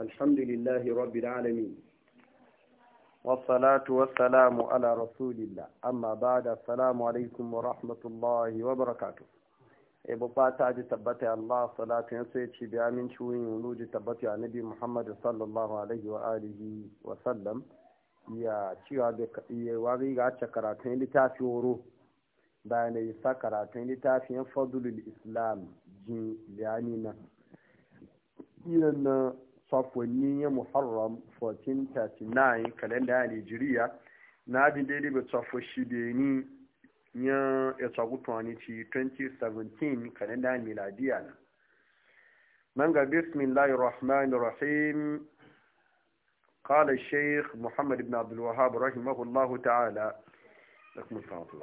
الحمد لله رب العالمين والصلاة والسلام على رسول الله أما بعد السلام عليكم ورحمة الله وبركاته ebo fata ji tabbata Allah salatu ya sai ci biya min ciwon yulu ji tabbata annabi Muhammad sallallahu alaihi wa alihi wa sallam ya cewa da ya ga karatun littafi woro da ne sa karatun littafin fadlul islam jin yani na fafonni ya muharram 1439 kalenda ya nigeria na abin daidai bai tsafo shidini ya ya ci 2017 kalenda ya miladiya na nan ga bismillahir rahmanir rahim qala sheikh muhammad ibn abdul wahhab rahimahullah ta'ala lakum salatu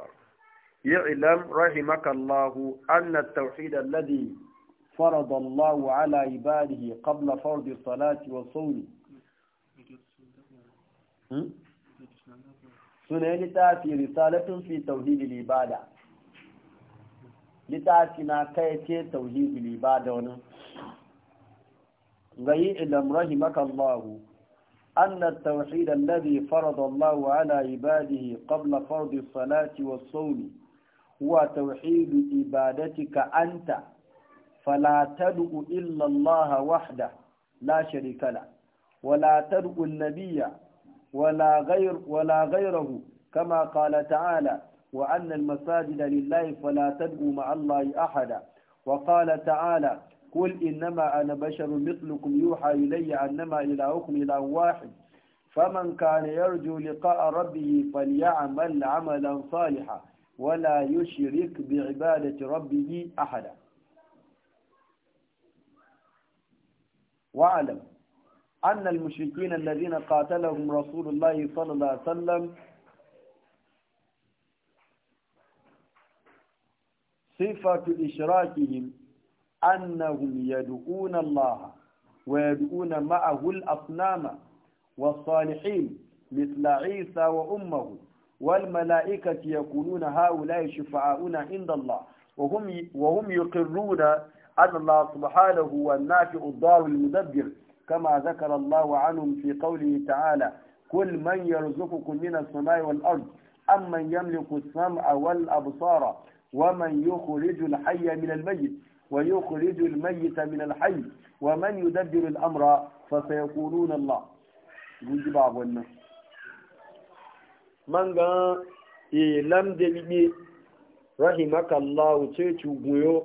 ya ilam rahimakallahu anna at-tauhid alladhi فرض الله على عباده قبل فرض الصلاة والصوم سنة لتاتي رسالة في توحيد العبادة لتاتي ناكاية توحيد العبادة غي إلم رحمك الله أن التوحيد الذي فرض الله على عباده قبل فرض الصلاة والصوم هو توحيد عبادتك أنت فلا تدعو إلا الله وحده لا شريك له ولا تدعو النبي ولا غير ولا غيره كما قال تعالى وأن المساجد لله فلا تدعو مع الله أحدا وقال تعالى قل إنما أنا بشر مثلكم يوحى إلي أنما إلهكم إله واحد فمن كان يرجو لقاء ربه فليعمل عملا صالحا ولا يشرك بعبادة ربه أحدا واعلم أن المشركين الذين قاتلهم رسول الله صلى الله عليه وسلم صفة إشراكهم أنهم يدعون الله ويدعون معه الأصنام والصالحين مثل عيسى وأمه والملائكة يقولون هؤلاء شفعاؤنا عند الله وهم وهم يقرون أن الله سبحانه هو النافع الضار المدبر كما ذكر الله عنهم في قوله تعالى كل من يرزقكم من السماء والأرض أمن يملك السمع والأبصار ومن يخرج الحي من الميت ويخرج الميت من الحي ومن يدبر الأمر فسيقولون الله guji ba wannan man ga ilam da libe rahimakallahu ce cuguyo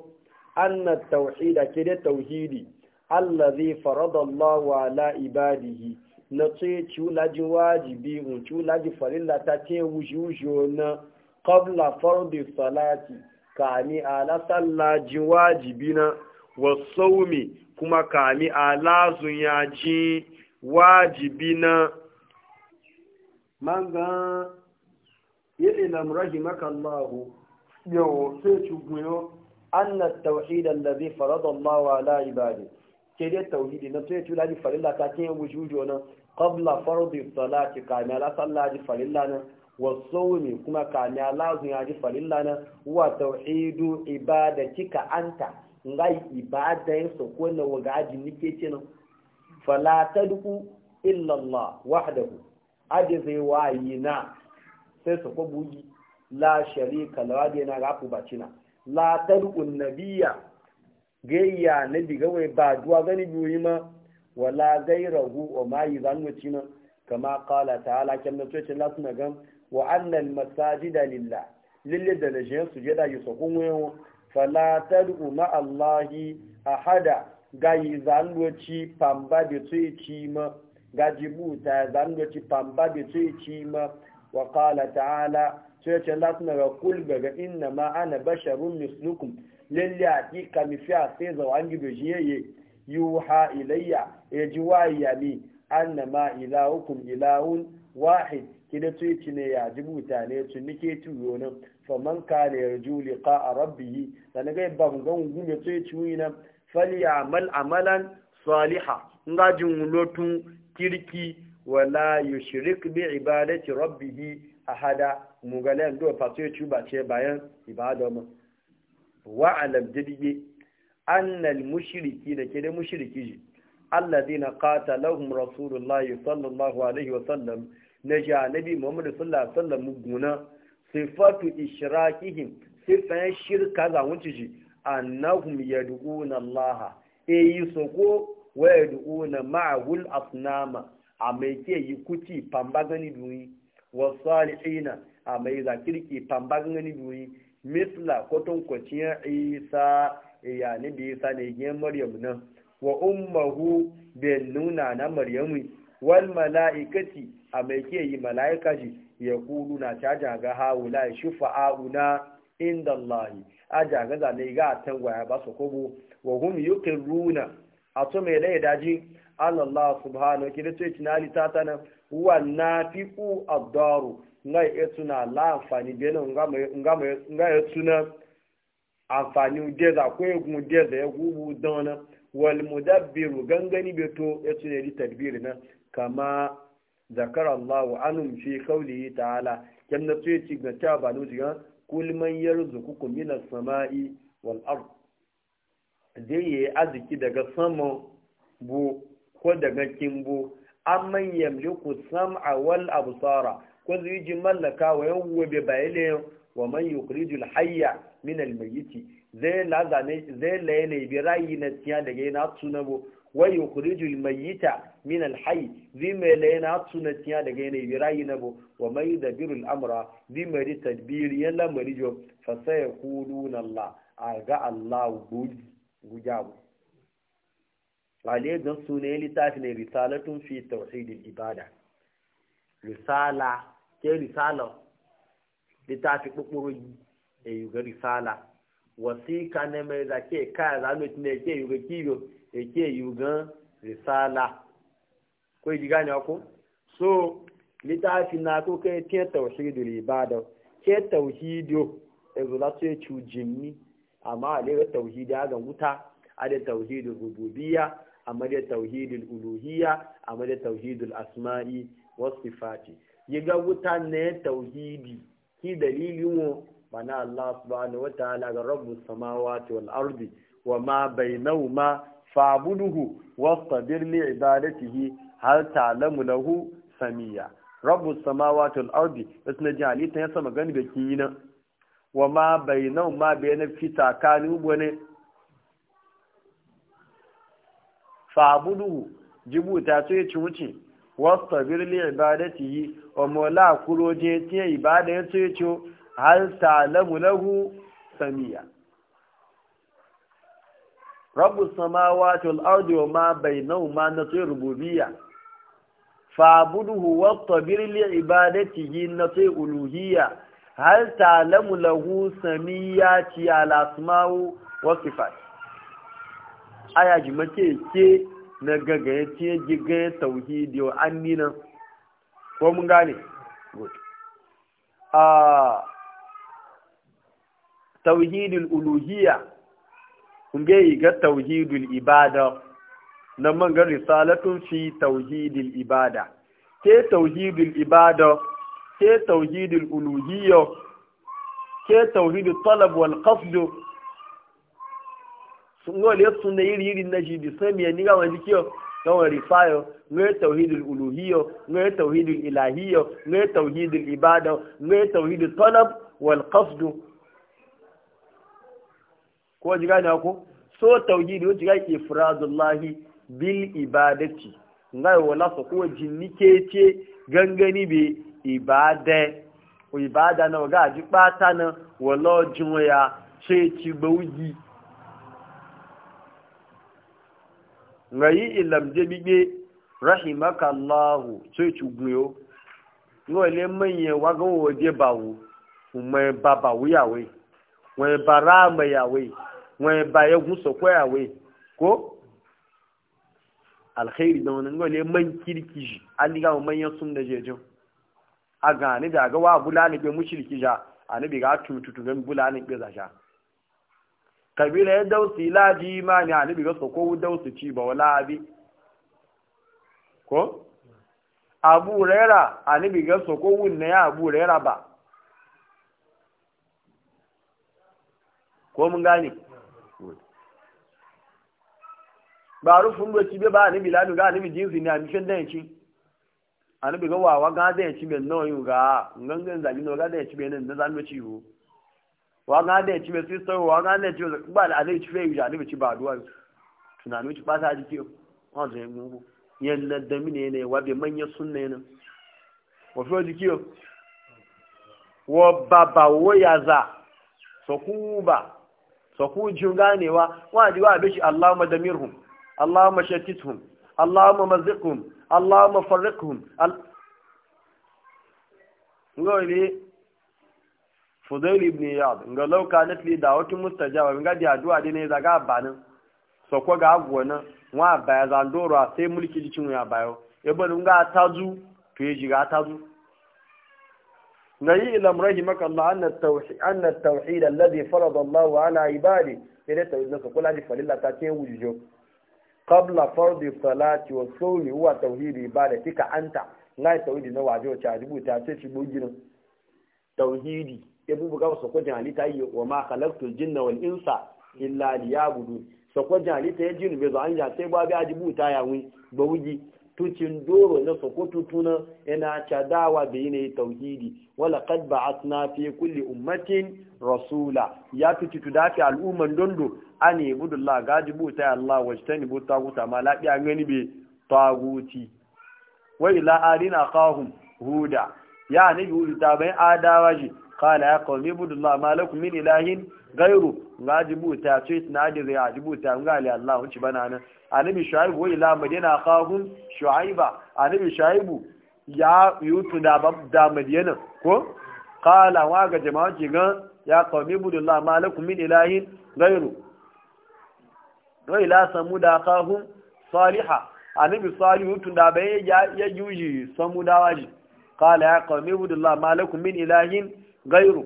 anna tauhida ke da tauhidi Allah allazi farada Allah ala ibadihi na ce ciulaji wajibi un ciulaji farilla ta ce wushi wushi na qabla fardi salati kami ala sallaji wajibi na wasaumi kuma ka kami ala zunyaji wajibi na manga yi ilam rahimaka Allah yau sai ci anna tawhid allazi farada Allahu ala ibadi ke dai tauhidi na sai tula ji farilla ta ke wujudu na qabla fardhi salati kana la sallati farilla na wa sawmi kuma kana lazun ya ji farilla na wa tauhidu ibadatika anta ngai ibada so ko na waga aji nike ce nan fala tadku illa Allah wahdahu aje zai na sai su ko buji la sharika la na ga ku bacina la tad'un nabiyya gayya nabi gawai ba duwa gani biyu ma wala gairahu wa ma yizanu ma kama qala ta'ala kam na la suna gam wa anna al masajida lillah lille da su sujada yi sokon wayo fala tad'u ma allahi ahada gayi zanduci pamba de tsoci ma gajibu ta zanduci pamba de tsoci ma wa qala ta'ala sai ce Allah suna ga kul daga inna ma ana basharun mislukum lalle hakika mi fi sai zawa an gibe shi yayye yuha ilayya ya ji wayya mi annama ilahukum ilahun wahid kida tuyi ne ya ji mutane su nike tuyo nan faman kana yarju liqa rabbihi dan ga ba gungun gume tuyi tuyi nan falyamal amalan nga jin lotun kirki wala yushrik bi ibadati rabbihi ahada mugale ndo fato ya cuba ce bayan ibada mu wa alam didige annal mushriki da ke da mushriki ji alladhina qatalahum rasulullahi sallallahu alaihi wa sallam na ji muhammad sallallahu alaihi wa sallam guna sifatu ishrakihim sifan shirka za wuce ji annahum yad'una allah e yi soko wa yad'una ma'ahul asnama a mai ke yi kuti pamba gani duni wasalihina a mai za kirki pambagan gani duri misla kwaton kwaciyar isa ya ne da isa ne gina maryam nan wa ummahu bin nuna na maryamu wal mala'ikati a mai ke yi mala'ika shi ya kulu na caja ga haula shufa'auna inda Allahi a jaga zane ga ya ba su kobo wa kin runa a to mai da daji Allah subhanahu wa ta'ala ta tatana wa fi ku nga ya e tuna la amfani bene nga ya e tuna amfani deza ko ya gumu deza ya gubu dona wal mudabbiru gangani beto ya e tuna di tadbir na kama zakar Allah anum fi qawlihi ta'ala kam na tsaye ci ga ta ba nuji ga kul man yarzuqukum min as-sama'i wal ard zai yi arziki daga sama bu ko daga kimbo amman yamliku sam'a wal absara ko zai ji mallaka wa yan wobe bayele wa man yukhrijul hayya min almayiti zai la zane zai la ne bi rayi na tiya daga yana tunabo wa yukhrijul mayita min alhayi zai mai la tuna tiya daga yana bi rayi na bo wa man yudabbirul amra zai mai tadbir yan lamari jo fa sayaquluna allah ga allah gujabu wale gan sunayen littafi ne risalatun fi tauhidil ibada risala ke risala littafi kukuru e risala wasika ne mai da ke kaya zanuti ne ke yuga kiyo e ke yuga risala ko ji gane ku so littafi na ko kai ke tauhidul ibada ke tauhido e zula ce cujinni amma a lera tauhidi a wuta ada da tauhidul rububiyya amma da tauhidul uluhiyya amma da tauhidul asma'i was ya ga wuta ne tauhidi ki dalilin ba na Allah subhanahu wa ta'ala ga rabbus samawati wal ardi wa ma ma fa'buduhu wastabir li ibadatihi hal ta'lamu lahu samiya rabbus samawati wal ardi isna jali ta yasa magana da kin wa ma bainahuma bayna fita kanu bone fa'buduhu jibuta so ya ci wuce wastabir li ibadatihi wa mola kuro je tiye ibada ya ce ce har ta'lamu lahu samiya rabu samawati wal ardi wa ma bainahuma na ce rububiyya fa'buduhu wastabir li yi na ce uluhiyya har ta'lamu lahu samiya ti al asma'u wa sifat aya jimake ke na gaga ya ce giga ya tauhidi wa an nina ko mun gane a tauhidin uluhiyya kun ga yi ga tauhidul ibada na man ga risalatun fi tauhidin ibada ke tauhidin ibada ke tauhidin uluhiyya ke tauhidin talab wal qasd ngole sunna yiri yiri na shi bisamiya ya ga wani kiyo gawan rifayo ngai tauhidul uluhiyyo ngai tauhidul ilahiyyo ngai tauhidul ibada ngai tauhidul talab wal qasd ko ji ni ko so tauhidi wuce ga ifradullahi bil ibadati ngai wala so ko jinnike ce gangani be ibada ibada na ga ji bata na wala jinwa ya ce ci bawuji ngayi ilam je bigbe rahimaka allahu sai e cugbiyo ngo le manye wago wode bawo umma baba wuyawe wọn ba raama yawe wọn ba egun sọkọ yawe ko alkhairi da wani ngole man kirki ji an diga mu manyan sun da jejo a gane da ga wa bulani be mushriki ja anabi ga tututu ga bulani be za sha kabila ya dausi laji imani a nabi gasa ko dausi ci ba wala abi ko abu rera a nabi gasa ko wunna ya abu rera ba ko mun gane ba rufin doci be ba a nabi lanu ga a nabi jinsi ne a mishin dan yanci a nabi ga wawa ga dan yanci bai nawa yi ga gangan zagi nawa ga dan yanci bai nan da zanu ci yiwu Wa da ya ci mai sister wanga da ya ci mai ba da zai ci fayu da alibi ci ba duwa tunanin ci ba ta jiki wani zai gugu yan na ne ne wa bai manyan sunna yana wa fiye wa baba ya za sokun ba sokun jin ganewa wa ji wa bishi allahumma damirhum allahumma shattithum allahumma mazikhum allahumma farrikhum fudail ibn iyad nga law kanat li da'watun mustajaba nga di addu'a dine zaga banin so ko ga agwona wa baya zandoro sai mulki jikin ya bayo yabo e nga tazu to ji ga tazu nayi ilam rahimaka Allah anna tawhid anna tawhid alladhi farada Allah ala ibadi ila e tawhid ka kula di falilla ta ce wujjo qabla fardi salati wa sawmi huwa tawhid ibadatika anta nayi tawhid na wajo ta rubuta sai ci bugin tauhidi ya bubu wa sokwajin halitta yi wa ma halaktul jinna wal insa illa liyabudu sako halitta ya jinu bai zo an ja sai babu aji buta ya wi ba wuji tucin doro na sokoto tuna yana cadawa da yanayi tauhidi wala kad ba'atna fi kulli ummatin rasula ya tuci tu dafi al'umman dondo an ga gaji buta Allah wajtani buta guta ma lafiya gani be taguti wa ila arina qahum huda ya nabi hudu ta bai adawa shi kala ya kawai budu Allah malakun min ilahin gairu ga jibuta ce na da zai a jibuta ga ali Allah wunci bana nan anabi shuaibu wa ila madina qahum shuaiba anabi shuaibu ya yutu da bab da madina ko kala wa ga jama'a jiga ga ya kawai budu Allah malakun min ilahin gairu wa ila samuda qahum salihah anabi salihu tun da bai ya yuji samudawa ji kala ya kawai budu Allah malakun min ilahin gairu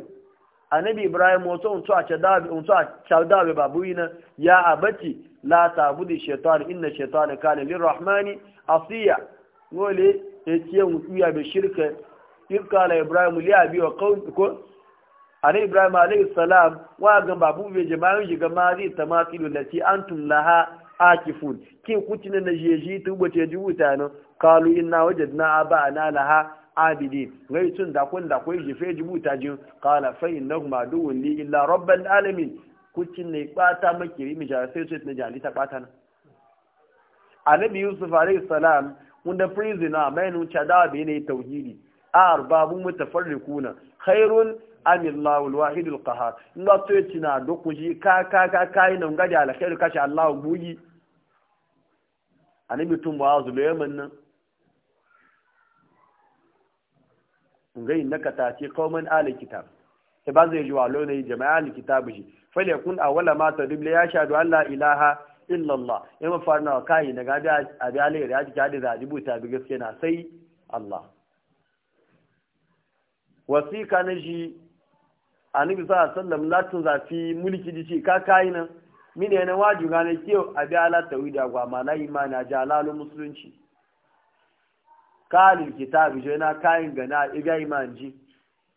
annabi ibrahim wato unto a chadabe unto a chadabe babuina ya abati la ta'budi shaytan inna shaytana kana lirrahmani asiya ngole etiye mutuya be shirka irkala ibrahim li abi wa qaum ko annabi ibrahim alayhi salam wa ga babu be jama'u shiga ma zai tamatilu lati antum laha akifun kin kutina na jeji tubo te jubuta no kalu inna wajadna aba'ana laha abidi ngai tun da kun da fe jefe jibuta jin qala fa innahum aduwwun li illa rabbil alamin kucin ne bata makiri mi ja sai sai na jali ta bata na Anabi yusuf alayhi salam wanda na mai nun da bi ne tauhidi arbabun mutafarriquna khairun amillahu alwahidul qahar na to ku ji, ka ka ka kai nan gadi alkhairu kashi allah buyi anabi tun wa'azu leman nan ngai naka ta ce qauman ahli kitab sai ba zai jiwa lo ne jama'a ahli kitab shi fal yakun awwala ma tadibla ya shadu alla la ilaha illa allah yamma farna kai daga bi abi alai ya ji kadi da jibuta bi gaskiya na sai allah wasika na ji annabi sa sallam latin zafi mulki dici ka kai nan mine na waju gane kiyo abi ala tawida gwa na imani ajalalul musulunci kalin kitabi shi na kayan gana iga imanji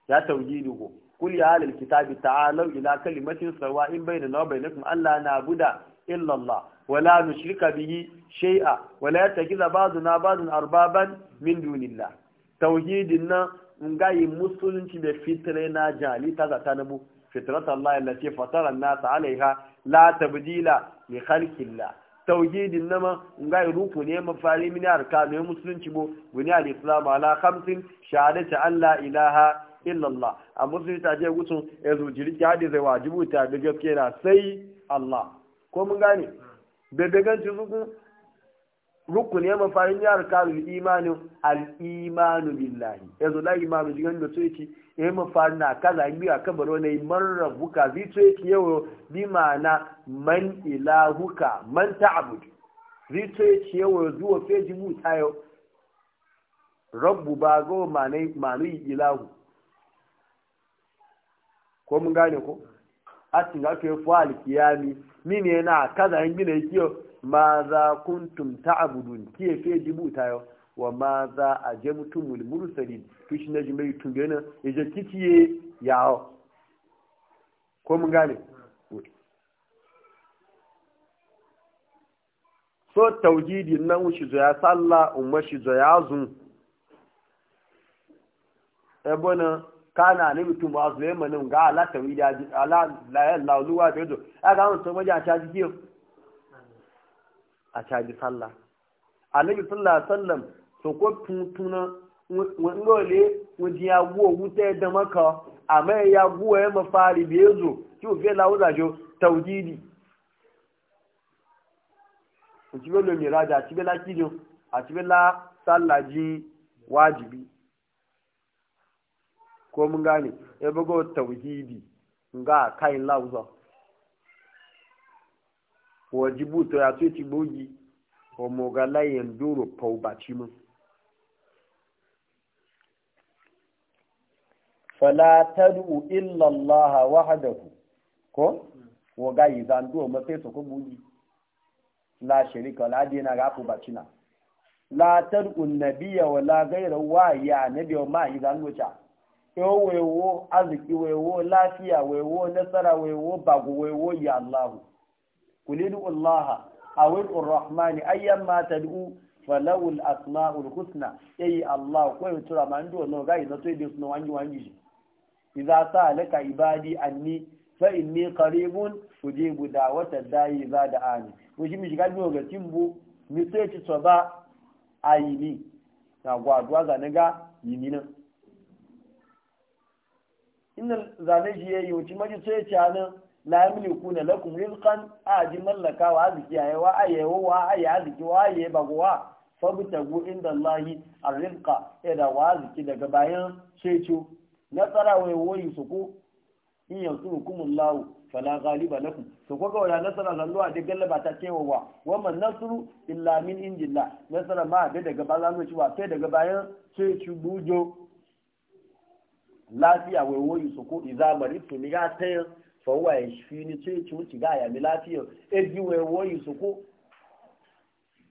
ya tauji dugo kul ya halil kitabi ta'alau ila kalimatin sarwa in bai da na bai nufin Allah na buda illallah wala nushrika bihi shay'a wala yattakiza ba'duna ba'dun arbaban min dunillah tauhidin nan ngai musulunci da fitre na jali ta zata nabu fitrat Allah allati fatara an-nas alaiha la tabdila li khalqillah tauhidin nama ngai ruku ne mafari mini arkanu musulunci bo guni al-islam ala khamsin ta an la ilaha illallah a musulunci ta je gutsun ya zujiri ki hadi zai wajibu ta da gaskiya sai Allah ko mun gane hmm. bebegan ci zuku rukun ya mafarin ya arkanul imanu al-imanu billahi zo la imanu jigan da so yake ya mafarin na kaza yi a kan baro ne man buka zai so yake yau bi na man ilahuka man ta'bud zai so yake yau zuwa feji mu tayo rabbu ba go ma'anai ma'anu ilahu ko mun gane ko a cikin aka yi fuwa alkiyami mini yana kaza yin gina yake ma za kuntum ta'budun kiye fe dibu tayo wa ma za ajamtumul mursalin kish na jimai tungena yaje kiciye yawo ko mun gane so tawjidi nan wuce zo ya salla umma shi zo ya zun bona kana ne mutum ba su nan ga ala tawhidi ala la ilaha luwa huwa bi aga mun so maja ta jiyo a caji sallah annabi sallallahu alaihi wasallam so ko tuntuna ngole wudi ya guwa wuta da maka amma ya guwa ya mafari da yazo ki o fe lawuza jo tawjidi o ti belo mi raja ti bela kijo ati bela sallaji wajibi ko mun gane e bago tawhidi nga kai lawuza wajibu to ya so ti bogi o mo ga layen duro pau baci mu fala tad'u illa allah wahdahu ko wo ga yi zan do ma sai so ko bogi la sharika la dina ga ku bacina la tad'u nabiyya wala ghayra wa ya nabi ma yi zan gocha yo e wewo aziki wewo lafiya wewo nasara wewo bagu wewo ya allah kulidu Allah awil urrahmani ayyan ma tad'u falawul asma'ul husna yayi Allah ko yin tura man do no gai na toy dis no wanji wanji idza sa'alaka ibadi anni fa inni qaribun ujibu da'wata da'i za da ani ko shi mi shiga do ga timbu mi sai ci so ba ayini na gwa duwa ga naga yini na inna zane yayi wuci maji sai ci anan la yamliku na lakum rizqan aji mallaka wa aziki ya wa ayi wa ayi aziki wa ayi bagwa fabtagu inda allahi arrizqa ida wa aziki daga bayan ceto nasara wai woyi su ko in yansurukumullahu fala ghaliba lakum to ko ga nasara zan a de galaba ta cewa wa wa man nasru illa min indillah nasara ma da daga ba zan ci ba sai daga bayan shecho bujo lafiya wai woyi su ko idza maritu ni ga tayin fọwọ́ ẹ̀ṣì ní tí ètò ìtìgá àyàmí láfíà ẹbí wọn ẹwọ́ ìsòkó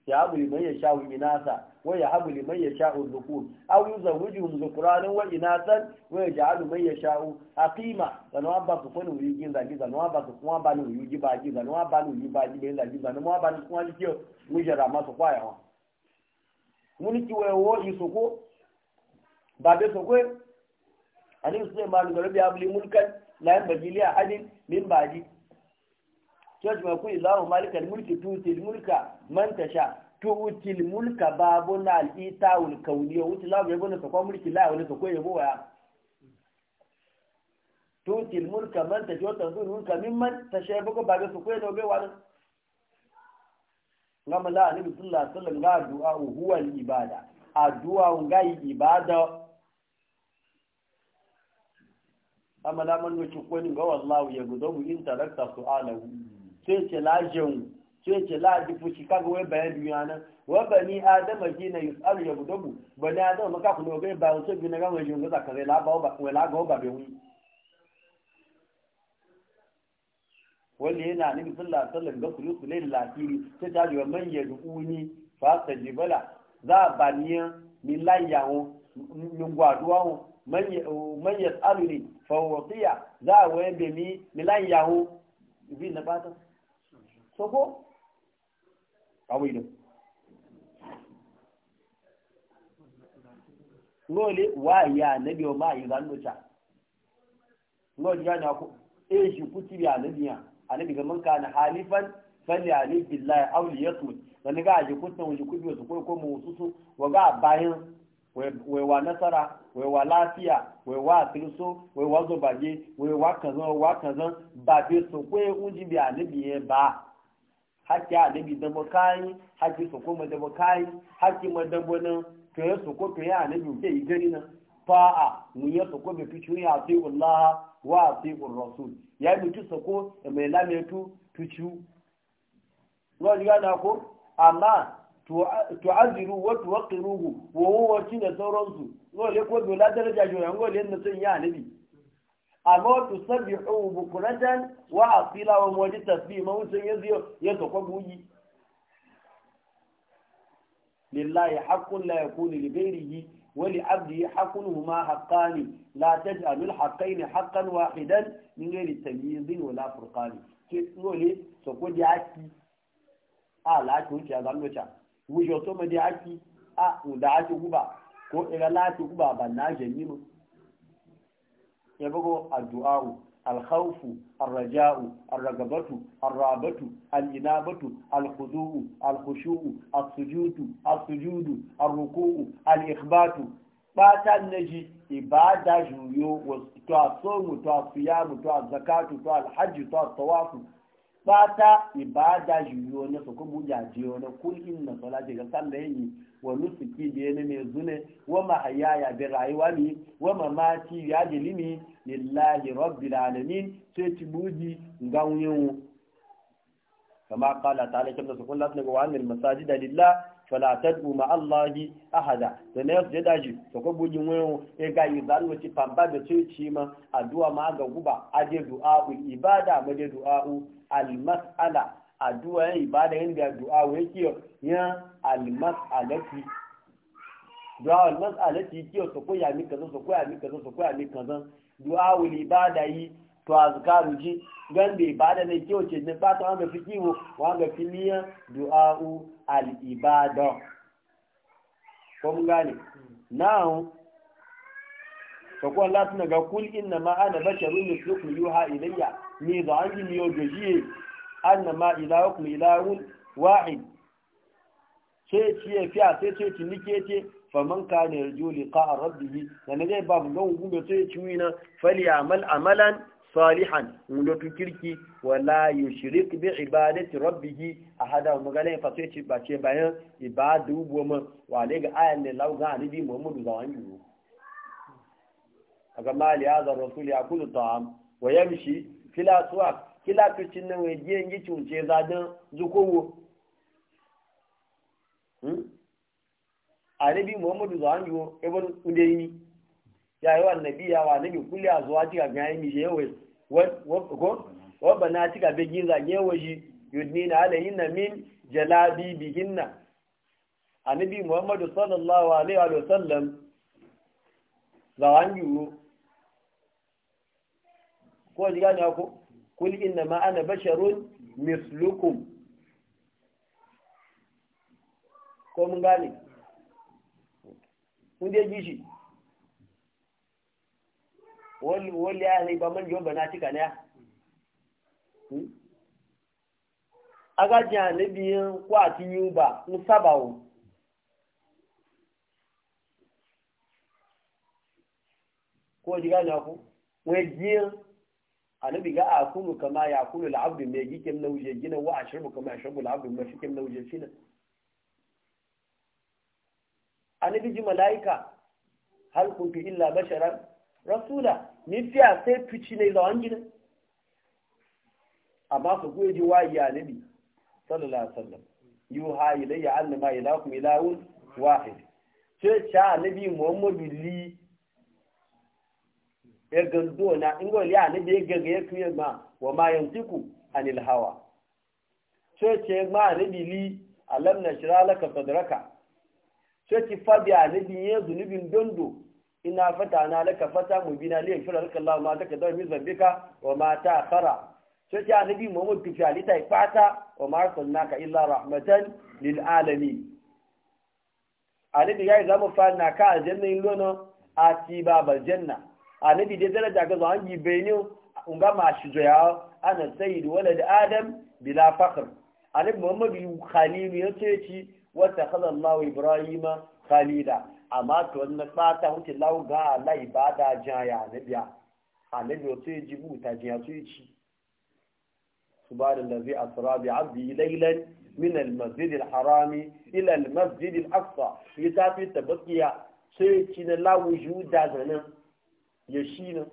yàbùlì mọ́yẹ̀ ṣá òyìn náà wọ́n yàbùlì mọ́yẹ̀ ṣá òdòkó awúzọ̀ wújú òmùzòkúrá ní wọ́n iná tán wọ́n yẹ̀ ṣáàlù mọ́yẹ̀ ṣá ó àkíìmà lọ́nà wọn bá sọ̀kọ́ ní òyìn gíga gíga ní wọn bá sọ̀kọ́ wọn bá ní òyìn jíba gíga ní wọn bá ní òyìn gíga gíga ní wọn bá ní kí wọ́n yẹra má sọ̀kọ́ àyà wọn. mo ní kí wọ́n ẹ̀wọ́ ìsòkó bàbá sọ̀kọ́ la yanbaghi li ahadin min ba'di church ma kulli lahu malikal mulki tutil mulka man tasha tutil mulka babun al itawul kawniyya wuti lahu yabo ne ko mulki la wani ko yabo waya tutil mulka man tasha wa tanzuru mulka mimman tasha ya ko babe su ko yabo be wani ngama la ni sallallahu alaihi ga du'a huwa al ibada addu'a yi ibada amma da man wuce kwani ga wallahu ya gudo mu in tarakta su'alahu sai ce lajen sai ce laji fushi kaga wai bayan duniya nan wa bani adama jina yus'alu ya gudo mu bani adama maka ku no ga ba so gina ga mai ka zakare la ba ba wala ga ba be hu wanda yana nabi sallallahu alaihi wasallam ga kullu sulail lafiri sai ta ji wa man yad'uni fa tajibala za baniya min layawo min gwaduwa man yas'aluni fa huwa qiya za waye yabe mi milan yahu bi na bata so ko awai do ngole wa ya nabi o ma yi zanu cha ngole ya na ko e shi kuti bi anabi ya anabi ga man kana halifan fali alif billahi aw liyasmut dan ga ji kutan wuji kubi wasu ko ko mu susu wa ga bayan wẹ̀wà nasara wẹ̀wà lafiya wẹ̀wà àtìlúsó wẹ̀wà zobaje wẹ̀wà kazan wewa kazan ba bi so kwe unji bi anabi ye ba haki anabi dabo kai haki so ko madabo kai haki madabo nan to ya so ko to ya anabi ke igari nan fa'a mun ya so ko be fitu ya ti tu so mai ko tu'aziru wa tuwaqiruhu wa huwa da sauransu le ko dola daraja yango le ne sun ya nabi amma sabihu bukratan wa asila wa mawji tasbih ma sun yaziyo ya to kwabuji lillahi haqqun la yakunu li ghayrihi wa li 'abdihi haqqun huma haqqani la taj'alu al haqqain haqqan wahidan min ghayri tamyizin wa la furqani ke gole so ko di aki ala ko ci azan wujo to mo a o da aki guba ko ira la aki guba ba na je ni mo ya bogo addu'a al khawf ar raja' ar ragabat ar rabat al inabat al khudu' al khushu' al sujud al sujud al ikhbat ba naji ibada juyo wa to aso mu to mu to zakat to al hajj to tawaf bata ibada yiwuwa na su kuma jaje wani kulkin na sola ce ga sallah yi wa nusuki da yana mai zune wa ya bi rayuwa ne wa mamaki ya jilimi lillahi rabbil alamin sai ci buji ganyen kama kala ta alaikin da su kula su daga wa'anil masajida lillah falatad ma Allahi ahada da na yasu daji ta kwa bugin wayo ya e ga yi zaru wace famba da ce ce ma addu'a ma ga guba aje du'a'u ibada ma je, du'a'u al-mas'ala addu'a ya ibada yin da du'a wa yake ya al-mas'alati du'a al-mas'alati kiyo ta koya mi kaza ta koya mi kaza ta koya mi kaza du'a ibada yi to azkaru ji gan da ibada ne kiyo ce ne fata wanga fikiwo wanga filiya du'a'u al'ibada kun gane na'un sakon latin ga kul inna ma ana basharun mislukum yuha ilayya ni da an yi miyo gajiye anna ma ilahukum ilahun wahid sai ciye fiya sai ce ci nike ce faman ka ne yarju liqa rabbihi da ne zai babu gan gume sai ci wina fali amal amalan salihan mulotu kirki wala yushrik bi ibadati rabbih ahada magana fa sai ba ce bayan ibadu goma wale ga ayan ne lauga annabi Muhammad da wani yuro aga mali hadha rasul yakulu ta'am wa yamshi fila suwaq kila tucin nan wai je ngi cuce zadan zukowo hmm annabi Muhammad da wani yuro ibn udayni ya yi nabi ya wa nabi kulli a zuwa cika ga yi mije yawai ko wabba na cika bai gin wa shi yudni na alayhin na min jalabi bikin na a nabi muhammadu sallallahu alaihi wa sallam zawan yiwu ko ji gani ako kul inna ma ana basharun mislukum ko mun gani kun dai ji shi wọ́lẹ̀ ààrẹ ìgbà mọ́lẹ̀ bẹ̀rẹ̀ àtíkà náà agájí àlébí ń kó àti yúbà ń sábàwò kó jígá náà kú wọ́n jí àlébí ga àkúrù kama ya kúrù làábù mai gíkẹ́ na wuce gina wa a shirbu kama ya shirbu làábù mai fi na wuce fina àlébí ji mala'ika hal kun fi illa basharar rasula ni fiya sai fici ne zawon gina amma su goye ji wayi ya nabi sallallahu alaihi wasallam yuha ilayya annama ila ilahun wahid ce cha nabi muhammadu li ya e gando na ingo ya nabi ya gaga ya ma wa ma yantiku anil hawa ce ce ma nabi li alam nashra laka sadraka ce ki fabi nabi ya zunubin dondo ina fata na laka fata mu bina liya shura laka Allah ma taka da mi zambika wa ma ta khara sai ta annabi Muhammad tufi alita fata wa ma arsalnaka illa rahmatan lil alami annabi yayi zamu fa na ka aljanna in lono ati babal janna annabi dai daraja ga zuwa gi bayinu unga ma shi joya ana sayyid walad adam bila fakhr annabi Muhammad khalilu yace ci wata takhalla Allah Ibrahima khalida amma to na ɓata wuce lauga ba da jaya nabiya annabi wato ya ji buta jiya su yi ci subhanallazi asra bi abdi laylan min abu yi lailan harami ila al-masjid al-aqsa ya tafi tabakiya sai ci na lawo juda zanen ya shi nan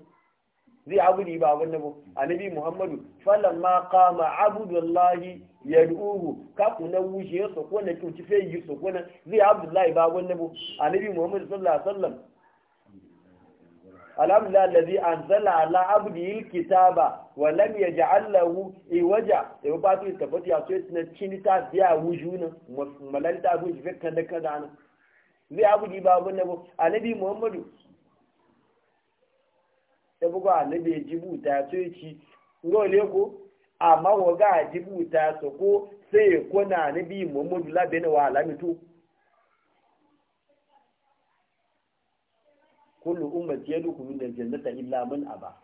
zai abudi ba wannan ba annabi muhammadu falamma qama abdullahi yad'uhu kaku na wuce so ko na kyauci fai yi so ko na zai abdullahi ba wannan ba annabi muhammadu sallallahu alaihi wasallam alhamdulillah alladhi anzala ala abdihi alkitaba wa lam yaj'al lahu iwaja e ba ta tabbata ya so na cinita biya wujuna malalta bu fe kan da kada na zai abudi ba wannan ba annabi muhammadu sai bugu annabi ya jibuta ya ce ci ngole ko amma wa ga ta so ko sai ko na nabi muhammadu labin wa mitu kullu ummati yadkhulu min aljannati illa man aba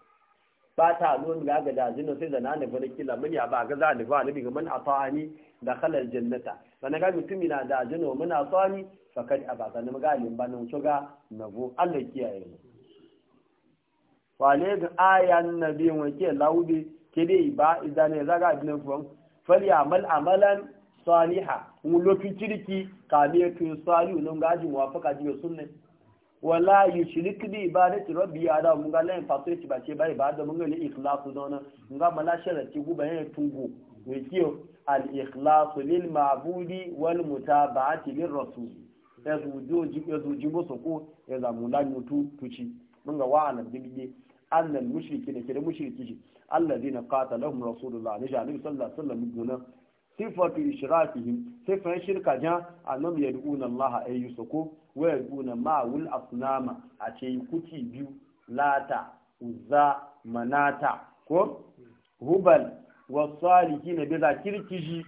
ba ta nun ga ga da zina sai zana ne ba kila mun ya ba ga za ni ba nabi ga man ata'ani da khalal jannata bana ga mutumi na da zina mun ata'ani fakat aba sanan ga limba nan ga nabo Allah kiyaye mu wale ga ayan nabi wake laube kede ba idan ya zaga ibn fam fali amal amalan saliha mu lokin kirki kame tun salihu nan gaji muwafaka jiya sunne wala yushrik bi ibadati biya da mun ga lan fatirci ba ce ba ibada mun ga ne ikhlasu dona mun ga mala sharati guba ne tungo ne kiyo al ikhlasu lil ma'budi wal mutaba'ati lir rasul yazu joji yazu ko ya zamu lan mun ga wa'alan bibige annal mushriki da ke da mushriki ji allazina qatalahum rasulullah ne jami'u sallallahu alaihi wasallam guna sifatu ishrakihim sifatu shirka ja annam yad'una allaha ay yusuku wa yad'una ma'ul asnama a ce kuti biyu lata uzza manata ko hubal wa salihin bi zakirkiji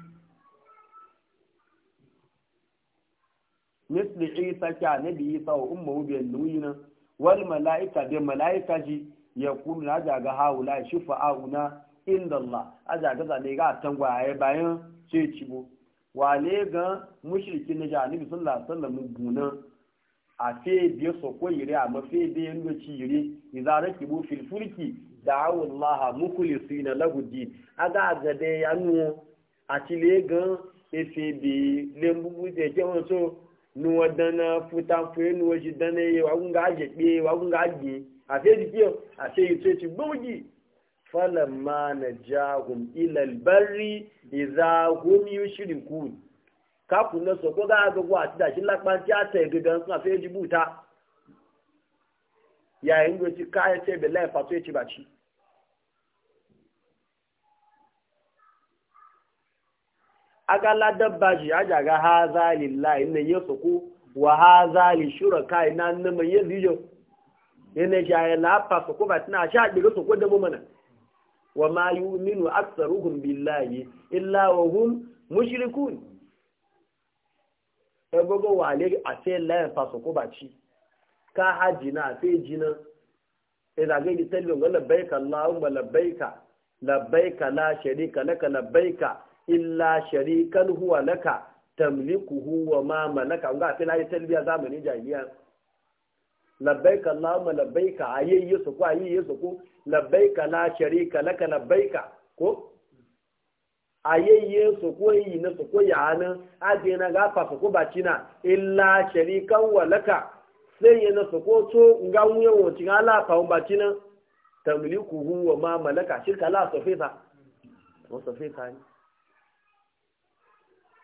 misli isa ka nabi isa wa ummu bi annuyina wal mala'ika da mala'ika ji ya kunu na daga haula shufa auna inda Allah a daga zane ga ya bayan sai cibo wale ga mushriki na janibi sallallahu alaihi wasallam guna a fe biye ko yire a ma fe biye ndo ci yire idara kibu fil fulki da'u Allah mukhlisina lahu di aga de yanu le gan efe bi lembu de je won so nuwa dana futa fuye nuwa shi dana yi wagun ga aje ɓe wagun ga aje a sai jiki yau a sai yi ce ci gbogi falamma na jahun ilal barri iza hum yi shirikun kafin na so ko ga agago a ti dashi lakpan ti a ta yi gidan sun a sai ji buta yayin goci kayan ce bela lai fato ya ci baci akala dabba shi ya jaga ha na yi suku wa ha zali shuraka ina nan man yanzu yo yana shaye lafa suku ba tana sha ɗiga suku da mu mana wa ma yu'minu aktsaruhum billahi illa wa hun mushrikun e gogo wa le a fe la fa suku ba ci ka haji na fe jina e da ga di talbi ga baika allahumma labbaika labbaika la sharika laka labbaika illa sharikan huwa laka tamlikuhu wa ma malaka ga fi layi talbiya zamanin jahiliya labbaika allahumma labbaika ayyi su ko ayyi su ko labbaika la sharika laka labbaika ko ayyi su ko yi na su ko ya nan aje na ga su ko na, illa sharikan wa laka sai yana su ko to ga wuyan wucin ala fa bacina tamlikuhu wa ma malaka shirka la safisa wa safisa ne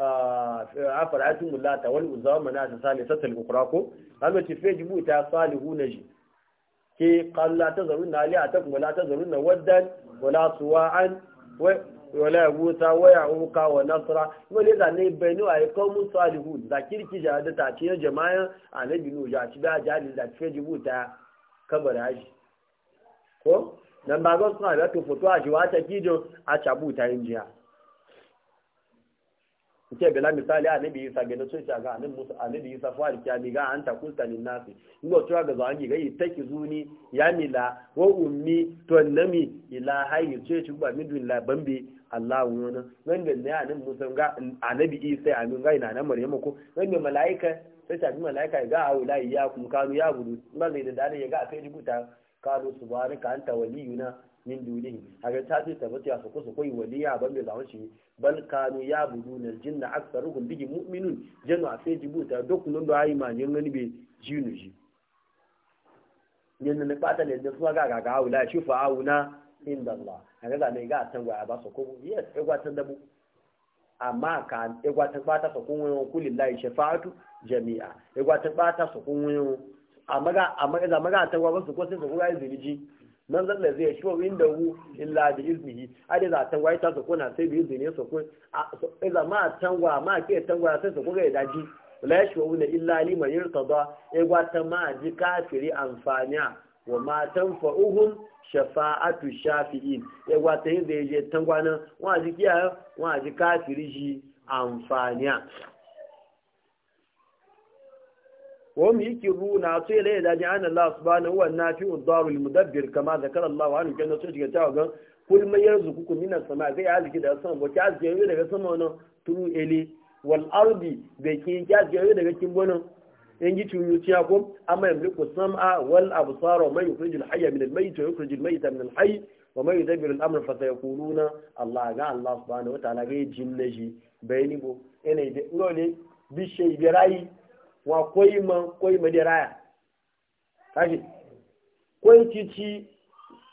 a fara'atun mulata wani uzawa mana ta sale sattal ukura ko hannu ce fe jibu ta salihu na ji ke kalla ta zarun na aliya ta kuma la ta zarun na waddan wala suwa an wala yabuta waya uka wa nasara kuma da ne benu a kawo mun salihu da kirki jihadi ta ce jama'in annabi nu ya ci da jihadi da fe jibu ta kabara shi ko nan ba ga suna da to foto a jiwa ta kijo a cabu ta yin jihadi ke bela misali a nabi isa ga nace ce ga annabi musa anabi isa fa alkiya mi ga anta kulta lin nasi ngo to ga zangi ga itaki zuni ya mila wa ummi to nami hayi ce ci ba midun la bambe Allah wona nan da ne annabi musu ga anabi isa mun ga ina nan maryamu ko nan da malaika sai ta bi malaika ga aula ya kum kanu ya budu ba zai da dare ya ga sai rubuta kanu subhanaka anta waliyuna min dunihi haka ta ce tabbata ya suku su koyi waliya ban da zawon shi bal kanu ya budu na jinna aksaruhum bihi mu'minun jinna a sai jibuta duk nan da ayi manjin gani be jinu ji yanzu ne fata ne da suwa ga ga ga shi fa auna inda Allah haka da ne ga tan gwaya ba su ko yes e gwatan dabu amma ka e tan fata su kun wayo kulillahi shafa'atu jami'a e tan fata su kun wayo amma ga amma ga ta gwa ba su ko sai su ga ziliji nan zan da zai shiwa inda hu illa da iznihi dai za tan gwai ta so kuna sai da izini so ko a ma tan gwa ma ke tangwa sai su kuka ga daji la shiwa ne illa li man yirtada ba eh, ya gwata ma ji kafiri amfaniya wa ma tanfa'uhum shafa'atu shafi'in e eh, gwa ta yin zai je tangwa nan wa ji kiya wa ji kafiri ji amfaniya وهم يكرون عطي ليلة لأن الله سبحانه هو النافع الضار المدبر كما ذكر الله عنه كان تشجع تعوغا كل ما يرزقكم من السماء زي عالك كده السماء وكاز جاوية لك السماء ترو إلي والأرض بكين كاز جاوية لك كمبونا ينجي تيوتيكم أما يملك السماء والأبصار وما يخرج الحي من الميت ويخرج الميت من الحي وما يدبر الأمر فسيقولون الله قال الله سبحانه وتعالى جنجي بيني بو إنه يقول لي بشيء برأيي wa koyi ma koyi ma da raya kaji koyi cici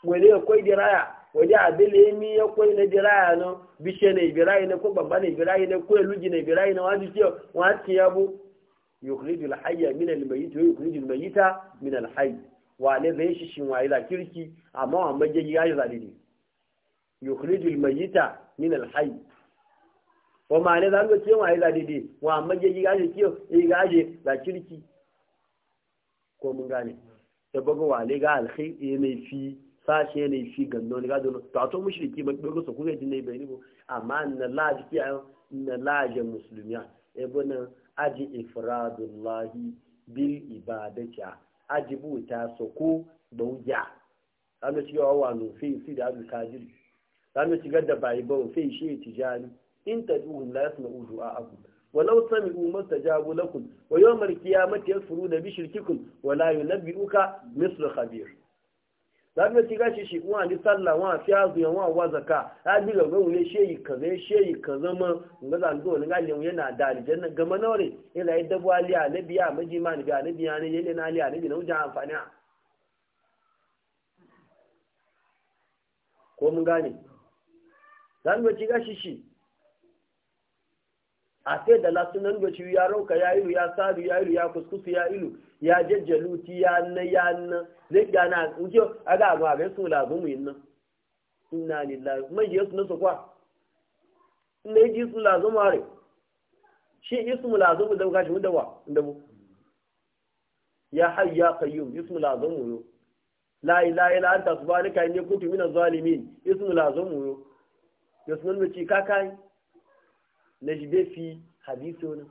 wale koyi da raya waje abele mi ya koyi na da raya no bishe ne birai ne ko babba ne birai ne ko luji ne birai ne wani ce wani ce ya bu yukhriju al-hayya min al-mayyit wa yukhriju al min al-hayy wa ne zai shi shin wayi la kirki amma wa maje ya yi zalili yukhriju al-mayyita min al wọ́n máa lé ce tí wọ́n àyíká dìde wọ́n àmọ́ jẹ́ yíká ṣe kí o yíká ṣe làkìrìkì ko mun gane da wa wale ga e ne fi sashe ne fi gando ne ga dono to ato mushriki ba ko so kuga dinai bai ni bo amma na laji ki ayo na laji musulmiya e bona aji ifradullahi bil ibadati ajibu ta so ko da wuya zamu ci ga wa nu fi fi da alkajiri zamu ci ga da bai ba fi shi tijani in tad'uhum la yasma'u du'a'akum wa law sami'u ma tajabu lakum wa yawm al-qiyamati yakfuruna bi shirkikum wa la Misir mithlu Za dan ne tiga shi uwa ni sallah wa fiya zu yan wa wazaka a bi ga gawo ne sheyi kaza sheyi kaza ma ga zan zo ne ga lewu yana da Gama na manore ila yadda bu ali annabi ya maji ma ni ga annabi ya ne yele na ali annabi na uja amfani a ko mun gane dan ne tiga shi shi a sai da lasunan doci ya rauka ya ilu ya saru ya ilu ya kuskusu ya ilu ya jajjalu ti ya na ya na zai gana wuce a ga abu a su labu mu yin nan inna lillahi kuma ji yasu nasu kwa inna yi ji sun lazu mu hare shi ismu lazu mu dabu kashi mu da dabu ya hayyu ya qayyum ismu lazu mu yo la ilaha illa anta subhanaka inni kuntu minaz zalimin ismu lazu mu yo yasu nan mu ci kakai na ji bai fi hadisi wani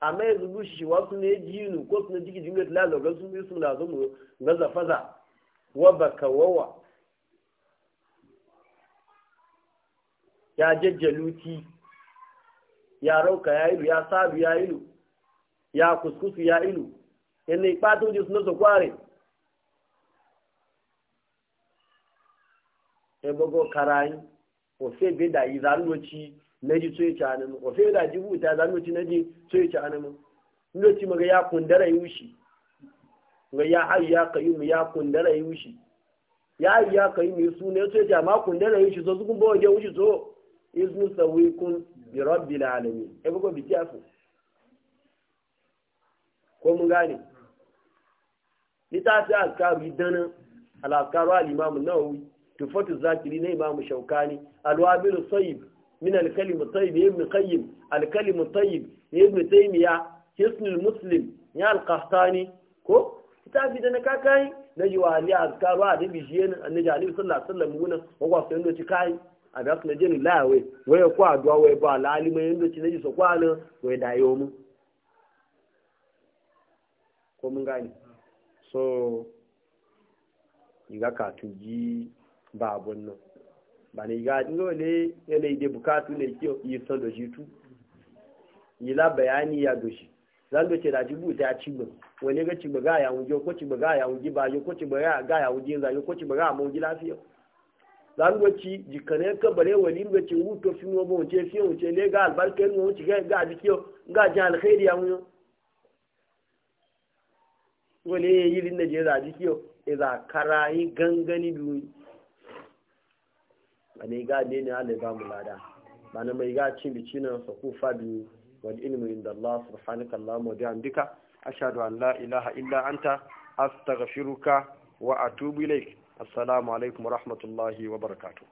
amma yanzu bushi wasu ji yinu ko suna jiki jingar lalo ga sun yi suna zama ga zafaza wa baka wawa ya jajjaluti ya rauka ya ilu ya sabu ya ilu ya kuskusu ya ilu yana fata wuce suna su kware ebogo karayi ofe beda izaloci na ji tsoye ci hannun ko fiye da jibu ta zanu ci naji ji tsoye ci hannun ndo ci maga ya kundara yi wushi ga ya hayu ya kayu mu ya kundara yi wushi ya hayu ya kayu mu su ne tsoye ci ma kundara yi wushi so su kun bawa jan wushi so iznu sawikun bi rabbil alamin e ko bi tiafu ko mun gane litafi alkaru idana alakaru al-imam an-nawawi tufatu zakiri na imam shaukani alwabil sayyid min alkalim tayyib ibn qayyim alkalim tayyib ibn taymiya hisnul muslim ya alqahtani ko kitabi da na kakai na ji wa ali azkaru a dabi shi yana annabi ali sallallahu alaihi wasallam wuna wa sai ndo ci kai a da kuma jin lawe waye ko adwa waye ba lali mai ndo ci naji so kwana waye da yo mu ko mun gani so iga ka tuji babun nan ba ne ga ɗin ne yanayi da bukatu ne ke yi son da shi tu yi la bayani ya doshi zan doce da jibu ta ya cigba wani ga cigba ga ya wuge ko cigba ga ya wuge ba ko cigba ga ya wuge za ko cigba ga ya wuge lafiya zan doce jikane ka bare wani ga cin wuto fi mu wuce fi wuce ne ga albarka mu wuce ga ga kiyo ga jan alkhairi ya wuyo wani yi rin da je za kiyo iza e karayi gangani duniya ba ne ga ne ne Allah ba mu lada ba na mai ga cin bici nan sa ku fadi wal ilmu inda Allah subhanaka Allahumma wa bihamdika ashhadu an la ilaha illa anta astaghfiruka wa atubu ilaik assalamu alaikum wa rahmatullahi wa barakatu.